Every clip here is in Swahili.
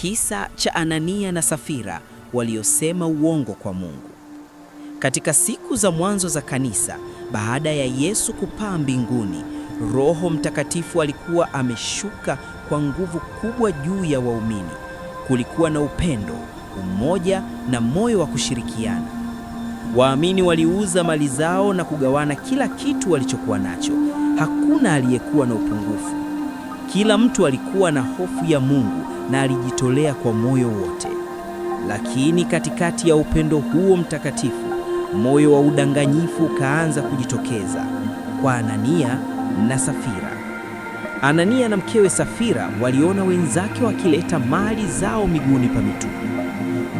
kisa cha Anania na Safira waliosema uongo kwa Mungu. Katika siku za mwanzo za kanisa, baada ya Yesu kupaa mbinguni, Roho Mtakatifu alikuwa ameshuka kwa nguvu kubwa juu ya waumini. Kulikuwa na upendo, umoja na moyo wa kushirikiana. Waamini waliuza mali zao na kugawana kila kitu walichokuwa nacho. Hakuna aliyekuwa na upungufu. Kila mtu alikuwa na hofu ya Mungu na alijitolea kwa moyo wote. Lakini katikati ya upendo huo mtakatifu, moyo wa udanganyifu ukaanza kujitokeza kwa Anania na Safira. Anania na mkewe Safira waliona wenzake wakileta mali zao miguuni pa mitume.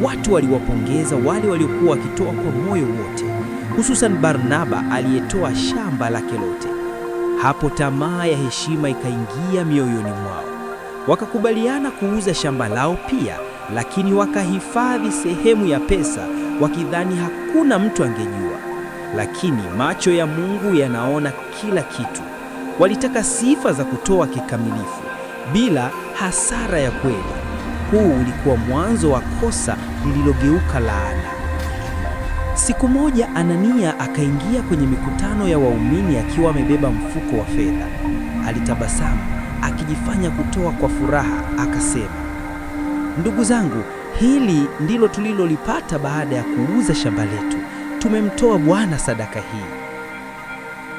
Watu waliwapongeza wale waliokuwa wakitoa kwa moyo wote, hususan Barnaba aliyetoa shamba lake lote. Hapo tamaa ya heshima ikaingia mioyoni mwao. Wakakubaliana kuuza shamba lao pia, lakini wakahifadhi sehemu ya pesa wakidhani hakuna mtu angejua. Lakini macho ya Mungu yanaona kila kitu. Walitaka sifa za kutoa kikamilifu bila hasara ya kweli. Huu ulikuwa mwanzo wa kosa lililogeuka laana. Siku moja Anania akaingia kwenye mikutano ya waumini akiwa amebeba mfuko wa fedha. Alitabasamu akijifanya kutoa kwa furaha, akasema, ndugu zangu, hili ndilo tulilolipata baada ya kuuza shamba letu. Tumemtoa Bwana sadaka hii.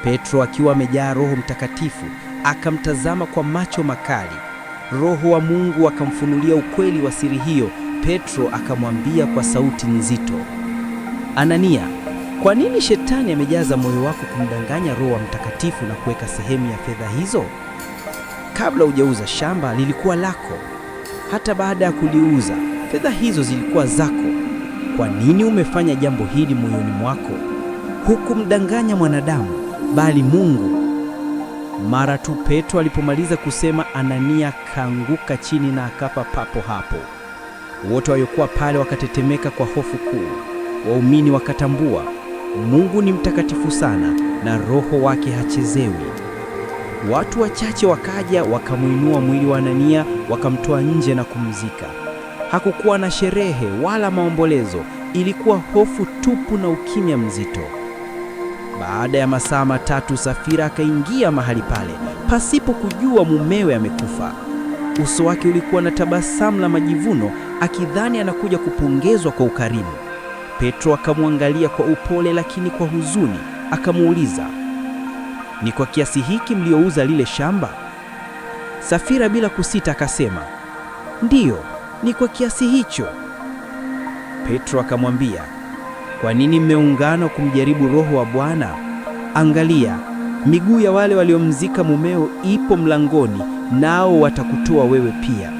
Petro akiwa amejaa Roho Mtakatifu akamtazama kwa macho makali. Roho wa Mungu akamfunulia ukweli wa siri hiyo. Petro akamwambia kwa sauti nzito, Anania, kwa nini shetani amejaza moyo wako kumdanganya Roho wa Mtakatifu na kuweka sehemu ya fedha hizo? Kabla hujauza shamba lilikuwa lako, hata baada ya kuliuza fedha hizo zilikuwa zako. Kwa nini umefanya jambo hili moyoni mwako? Hukumdanganya mwanadamu, bali Mungu. Mara tu Petro alipomaliza kusema, Anania kaanguka chini na akafa papo hapo. Wote waliokuwa pale wakatetemeka kwa hofu kuu. Waumini wakatambua Mungu ni mtakatifu sana na roho wake hachezewi. Watu wachache wakaja wakamwinua mwili wa Anania wakamtoa nje na kumzika. Hakukuwa na sherehe wala maombolezo, ilikuwa hofu tupu na ukimya mzito. Baada ya masaa matatu, Safira akaingia mahali pale pasipo kujua mumewe amekufa. Uso wake ulikuwa na tabasamu la majivuno, akidhani anakuja kupongezwa kwa ukarimu. Petro akamwangalia kwa upole, lakini kwa huzuni, akamuuliza ni kwa kiasi hiki mliouza lile shamba? Safira bila kusita akasema, ndiyo, ni kwa kiasi hicho. Petro akamwambia, kwa nini mmeungana kumjaribu Roho wa Bwana? Angalia, miguu ya wale waliomzika mumeo ipo mlangoni, nao watakutoa wewe pia.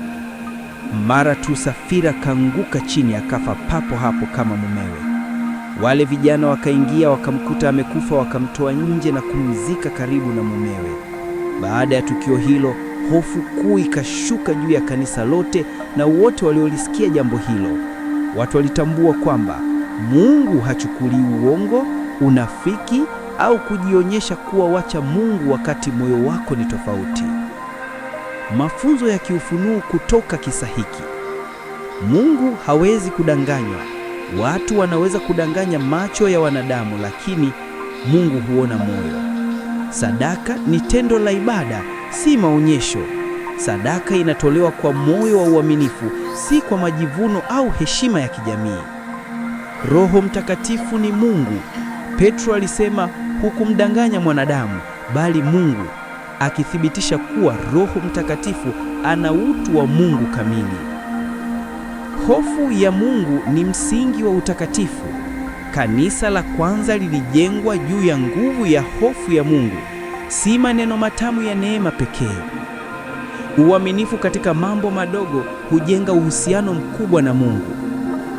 Mara tu Safira kaanguka chini, akafa papo hapo kama mumewe. Wale vijana wakaingia, wakamkuta amekufa, wakamtoa nje na kumzika karibu na mumewe. Baada ya tukio hilo, hofu kuu ikashuka juu ya kanisa lote na wote waliolisikia jambo hilo. Watu walitambua kwamba Mungu hachukulii uongo, unafiki au kujionyesha kuwa wacha Mungu wakati moyo wako ni tofauti. Mafunzo ya kiufunuo kutoka kisa hiki: Mungu hawezi kudanganywa. Watu wanaweza kudanganya macho ya wanadamu, lakini Mungu huona moyo. Sadaka ni tendo la ibada, si maonyesho. Sadaka inatolewa kwa moyo wa uaminifu, si kwa majivuno au heshima ya kijamii. Roho Mtakatifu ni Mungu. Petro alisema hukumdanganya mwanadamu, bali Mungu, akithibitisha kuwa Roho Mtakatifu ana utu wa Mungu kamili. Hofu ya Mungu ni msingi wa utakatifu. Kanisa la kwanza lilijengwa juu ya nguvu ya hofu ya Mungu, si maneno matamu ya neema pekee. Uaminifu katika mambo madogo hujenga uhusiano mkubwa na Mungu.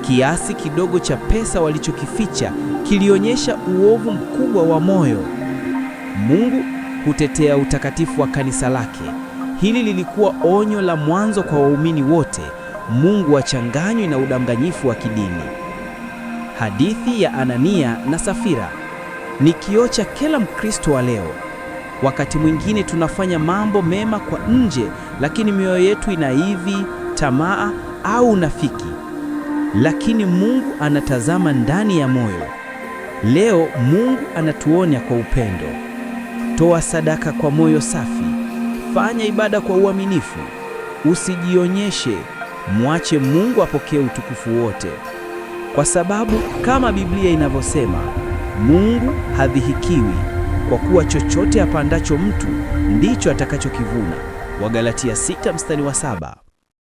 Kiasi kidogo cha pesa walichokificha kilionyesha uovu mkubwa wa moyo. Mungu hutetea utakatifu wa kanisa lake. Hili lilikuwa onyo la mwanzo kwa waumini wote. Mungu hachanganywi na udanganyifu wa kidini. Hadithi ya Anania na Safira ni kioo cha kila Mkristo wa leo. Wakati mwingine tunafanya mambo mema kwa nje, lakini mioyo yetu inaivi, tamaa au unafiki. Lakini Mungu anatazama ndani ya moyo. Leo Mungu anatuonya kwa upendo. Toa sadaka kwa moyo safi. Fanya ibada kwa uaminifu. Usijionyeshe mwache Mungu apokee utukufu wote, kwa sababu kama Biblia inavyosema, Mungu hadhihikiwi, kwa kuwa chochote apandacho mtu ndicho atakachokivuna. Wagalatia 6 mstari wa saba.